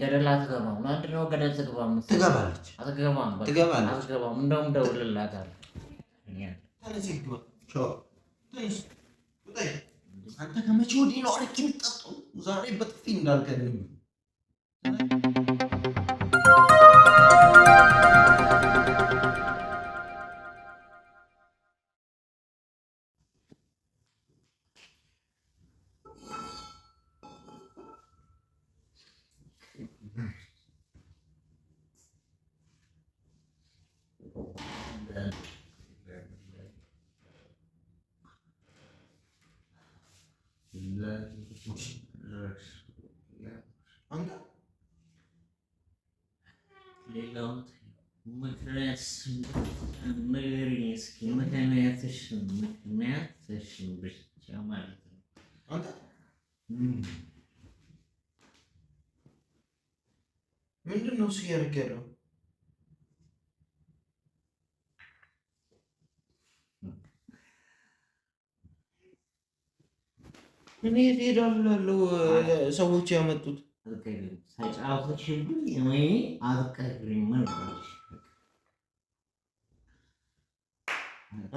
ገደል አትገባም። አንድ ነው ገደል ትገባም፣ ትገባለች፣ አትገባም፣ ትገባለች፣ አትገባም። እንደውም ደውልላታል። አንተ ከመቼ ወዲህ ነው አረቄ የምጠጣው? ዛሬ በጥፊ እንዳልከኝ ምክንያትሽን ምክንያትሽን ብቻ ማለት ነው። ምንድን ነው እሱ እያደረገ ያለው? ሰዎች ያመጡት ተጫወትሽብኝ፣ ወይ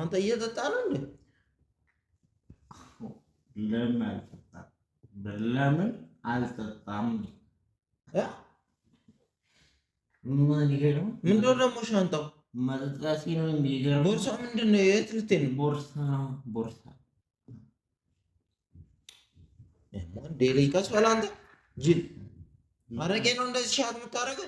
አንተ እየጠጣ ነው እንዴ? ለምን አልጠጣም? ለምን አልጠጣም? ምንድን ነው ደግሞ ሻንጣው? መጠጣት ነው የሚገርም። ቦርሳ ምንድን ነው? የት ልትሄድ ነው? ቦርሳ ቦርሳ ዴሌ ይቀስፈል። አንተ ጅል ማድረጌ ነው እንደዚህ ሻት የምታደርገው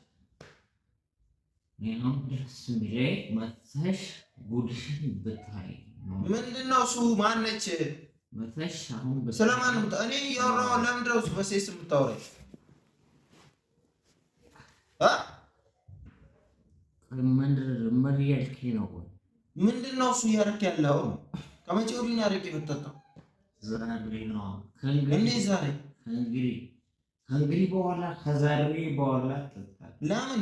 ይሄው ደስ የሚለኝ መተሽ ምንድን ነው እሱ ማነች መተሽ አሁን ስለማን እኔ እያወራሁ ለምንድን ነው እሱ በሴስ የምታወራኝ እ ምንድን ነው እሱ እያደረክ ያለው ከመቼ ወዲህ ነው አድርጌ የምትጠጣው ዛሬ ከእንግዲህ በኋላ ከዛሬ በኋላ ለምን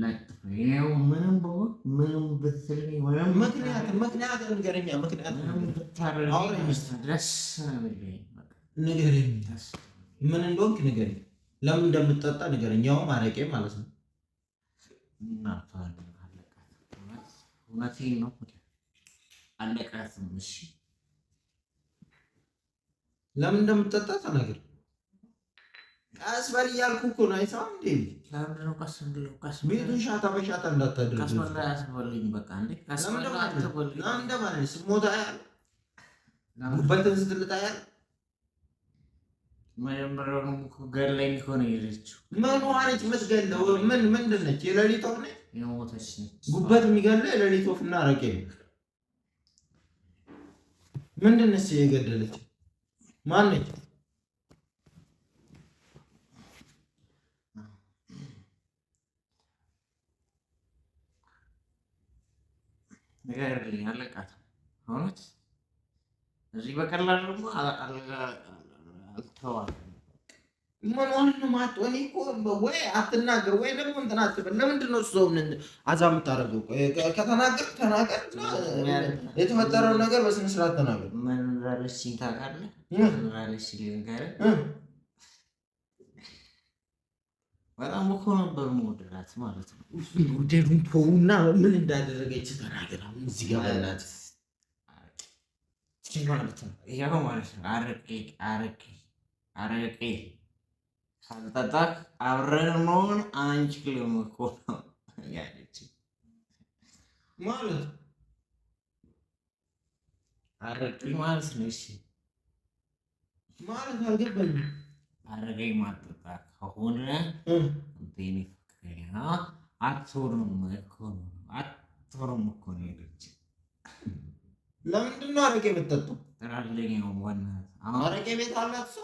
ለጥፌው ምንም በሆን ምንም ብትል ምን እንደሆንክ ንገረኝ፣ ለምን እንደምትጠጣ ንገረኝ። አረቄ ማለት ነው። እውነቴን ነው አለቃትም። እሺ ለምን እንደምትጠጣ ተናገር። ቀስ በል እያልኩ እኮ ነው። አይተኸው እንዴ? ለምንድን ነው ቀስ እንድለው? ቀስ ቤቱን ሻታ በሻታ እንዳታደርግ። ቀስ በል አስበልኝ። በቃ እንዴ ቀስ በል አትበልኝ። ለምን ደማነ ስሞታ ያለ ጉበትን ስትልጣ ያለ መጀመሪያውኑ እኮ ገለኝ እኮ ነው የሄደችው። ምን ዋነች የምትገለው? ምን ምንድን ነች? የሌሊት ወፍ ነች። የሞተች ነች። ጉበት የሚገለው የሌሊት ወፍ እና አረቄ ነው። ምንድን ነች የገደለች? ማን ነች? ንገርልኝ፣ አለቃትም እውነት እዚህ በቀላሉ ደግሞ አልተዋልም። መሆን ማት እኔ እኮ ወይ አትናገር ወይ ደግሞ እንትን አትበል። ለምንድን ነው ሰው አዛ የምታደርገው? ከተናገር ተናገር፣ የተፈጠረውን ነገር በስነ ተናገር። ምን እንዳለች ታውቃለህ? ምን እንዳለች ልንገርህ በጣም እኮ ነበር መወደዳት ማለት ነው። ወደዱን ተውና ምን እንዳደረገች ተናገራ። እዚህ ጋር በላት ማለት ነው። ያው ማለት ነው። አረቄ አረቄ አረቄ ካልጠጣክ አብረን መሆን አንችልም እኮ ያለች ማለት ነው። አረቄ ማለት ነው። እሺ ማለት አልገባኝም አረገኝ ማጠጣ ከሆነ እንትን ፍቅረኛ አትሆንም እኮ አትሆንም እኮ ነው የሄደች። ለምንድን ነው አረቄ የምትጠጡ? ጥራልኛው ዋና አረቄ ቤት አላት እሷ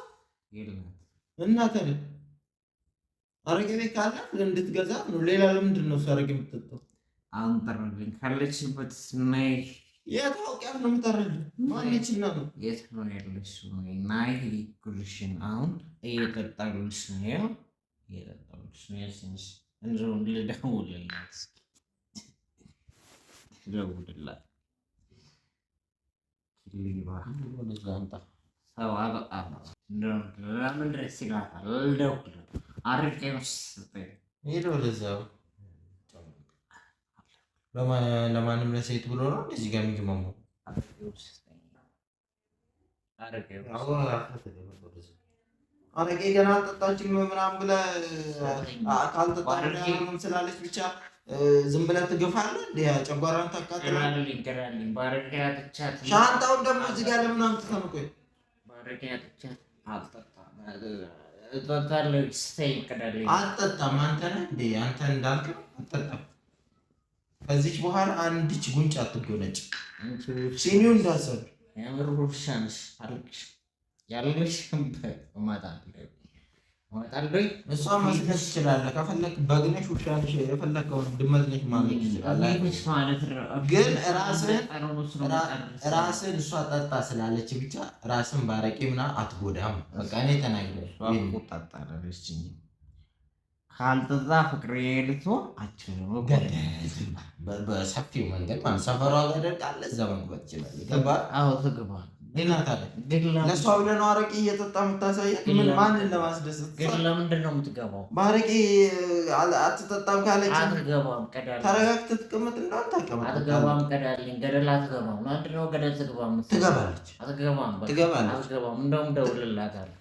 የላት አረቄ ቤት ካላት ነው። ሌላ ለምንድን ነው እሱ አረቄ አሁን ካለችበት የታውቂያት ነው የምታረጁ ማነችና ነው የት ነው ያለች? ናይ ጉልሽን አሁን እየጠጣሉስ ነው እየጠጣሉስ ነው ስንሽ እንዞ ልደውልላት ደውልላት ሰው ለማንም ለሴት ብሎ ነው እንደዚህ ጋር የሚግመሙ አረቄ ገና አልጠጣችም ምናምን ብለህ ካልጠጣም ስላለች ብቻ ዝም ብለህ ትገፋለህ። እንዲ ጨጓራን ታቃጥላለህ። ሻንጣውን ደግሞ እዚህ ጋር ለምን አምጥተህ ቆይ አልጠጣም። አንተ ነህ እንዳልክ አልጠጣም ከዚች በኋላ አንድች ጉንጭ አትጎነጭ። ሲኒው እንዳሰብ እሷ መስለሽ ትችላለህ። ከፈለክ በግነሽ፣ ውሻንሽ፣ የፈለከውን ድመትነሽ ማለት ትችላለህ። ግን ራስን እሷ ጠጣ ስላለች ብቻ ራስን ባረቂ ምና አትጎዳም። በቃ እኔ ተናግረሽ ካልተዛ ፍቅሬ ልትሆን አችልም። በሰፊው መንገድ ሰፈሯ ጋር ደርቃለ እዛ መግባት ይችላል። ለእሷ ብለህ ነው አረቄ እየጠጣ የምታሳያት? ምን ማንን ለማስደሰት? ለምንድን ነው የምትገባው? በአረቄ አትጠጣም ካለች ተረጋግተህ ትቀመጥ እንደሆነ ታውቀማለህ። አትገባም፣ ቀዳልኝ ገደል አትገባም። አንድ ነው ገደል ትገባ ትገባለች፣ ትገባለች። እንደውም ደውልላታለሁ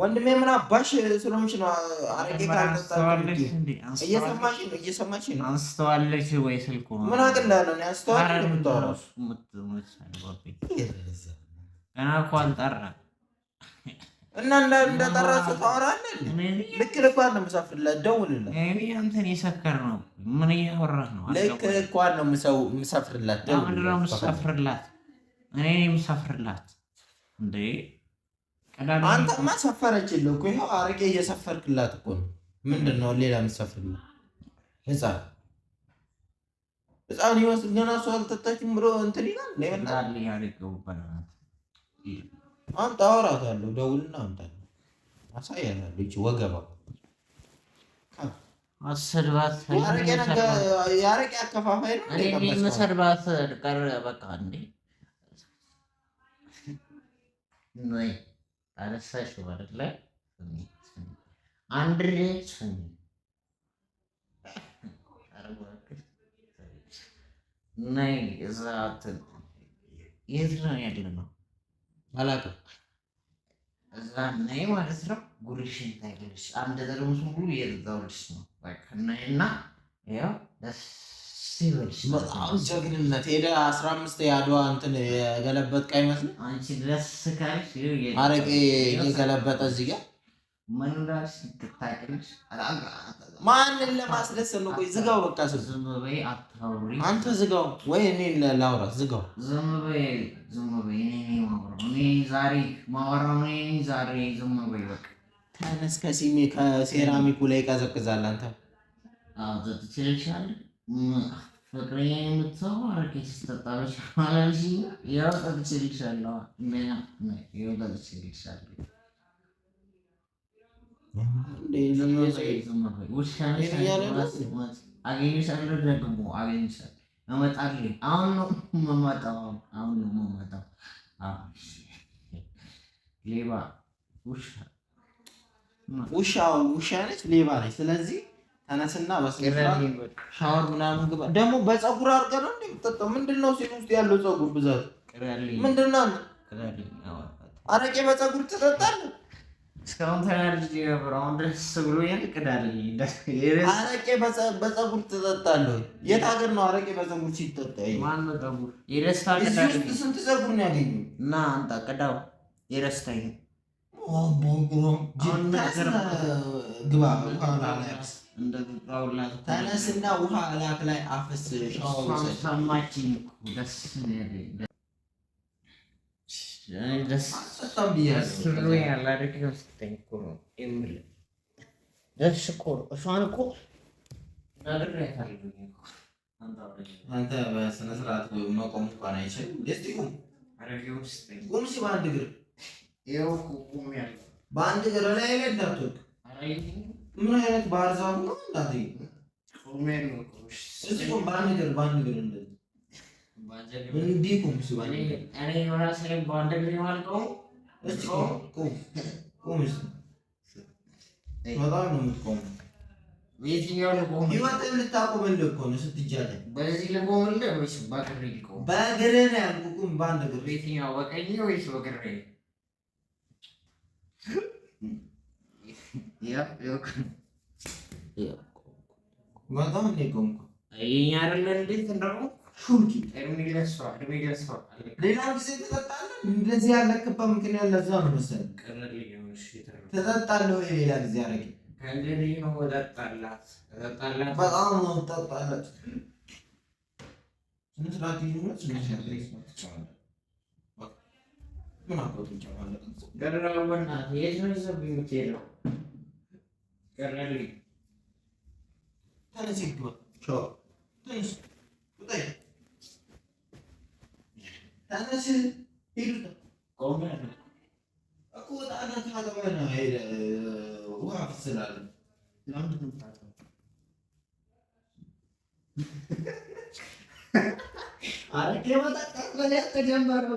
ወንድሜ ምን አባሽ ስለሆንሽ ነው? አረቄ ካልጠጣሽ እየሰማሽ ነው እየሰማሽ ነው። አንስተዋለሽ ወይ ስልኩ ምን አቅላለሁ አንስተዋል እና እንደጠራ ታወራለህ። ልክ ልኳ ነው ምሰፍርልህ፣ ደውልልህ። እንትን የሰከር ነው ምን እያወራ ነው? ልክ ልኳ ነው ምሰፍርላት። ምንድን ነው ምሰፍርላት? እኔ ምሰፍርላት እንዴ አንተማ ሰፈረችልህ እኮ ይኸው አረቄ እየሰፈርክላት እኮ ነው። ምንድን ነው ሌላ የምትሰፍርላት? ህፃን ህፃን ይመስል ገና እሱ አልጠጣችም ብሎ እንትን ይላል። አምጣ፣ አወራታለሁ፣ ደውልና አምጣለሁ፣ አሳያታለሁ። ይቺ ወገባ አሰድባት፣ የአረቄ አከፋፋይ ነው። መሰድባት ቀረ በቃ እንዴ ማለት ላይ አንድሬ ስሚ ነይ፣ እዛ የት ነው ያለ ነው አላውቅም። እዛ ነይ ማለት ነው። ጉርሽን ታይልሽ አንድ ጠርሙስ ሙሉ እየጠጣሁልሽ ነው። በቃ ነይና ያው ደስ በጣም ጀግንነት ሄደ። አስራ አምስት የአድዋ እንትን የገለበጥ ቃ ይመስል አረቄ የገለበጠ እዚህ ጋር ማንን ለማስደሰት ነው? ቆይ ዝጋው፣ በቃ አንተ ዝጋው፣ ወይ እኔ ላውራ። ዝጋው። ተነስ፣ ከሲሜ ከሴራሚኩ ላይ ይቀዘቅዛል። አንተ ፍቅሬ የምትሰው አርኬስ ተጣለሽ ማለሽ ያው ጠጥቼ አገኝሻለሁ ደግሞ አገኝሻለሁ እመጣለሁ አሁን ነው የምመጣው አሁን ነው የምመጣው ሌባ ውሻ ውሻ ነች ሌባ ነች ስለዚህ ተነስና ሻወር ምናምን ግባ። ደግሞ በፀጉር አድርገህ ነው እንደምጠጣው። ምንድን ነው ሲል ውስጥ ያለው ፀጉር ብዛት ምንድን ነው? አረቄ በፀጉር ትጠጣለህ? እስካሁን ተናድጄ ነበር። አሁን ደስ ብሎ ቅዳለኝ። አረቄ በፀጉር ትጠጣለህ? የት ሀገር ነው አረቄ በፀጉር ሲጠጣ? ማነው ፀጉር የደስታ ቅዳ? ስንት ፀጉር ነው ያገኘው? እና አንጣ ቅዳው የደስታ ተነስና ውሃ ላክ ላይ አፍስ። ደስ እኮ እሷን እኮ አንተ በስነ ስርዓት መቆም እንኳን አይችልም። ደስ ቁም ቁም ሲ በአንድ እግር በአንድ እግር ላይ ላይ ምን አይነት ባህር ዛፍ ነው? እንዳትይ ቆሜያለሁ። በአንድ እግር በአንድ እግር እንዲህ ቁም። በጣም ነው የምትቆመው። በየትኛው ልቆም? ህይወትን እኮ ነው ስትጃለህ። በዚህ ልቆምልህ ወይስ በእግርህ ልቆም? በእግርህ ነው ያልኩህ። ቁም፣ በአንድ እግር። በየትኛው በቀኝ ወይስ በግሬ? Yap yok. Yok. በጣም እንደ ቆምኩ ይሄኛ አይደለ እንዴት እንደው ሹልኪ እርም ይገለጽ እርም ይገለጽ ሌላ ጊዜ ትጠጣለህ። እንደዚህ ያለክበት ምክንያት ለዛ ነው መሰለኝ። ትጠጣለህ ወይ ሌላ ጊዜ አረግ ከእንግዲህ ነው እጠጣላት እጠጣላት በጣም ነው እጠጣላት ትንሽ ራት ይሁን ትንሽ ያለ ይስማት ይቻላል ምን አቆጡ ይጨማለቅ አረቄ መጠጣት በላይ ተጀመረው።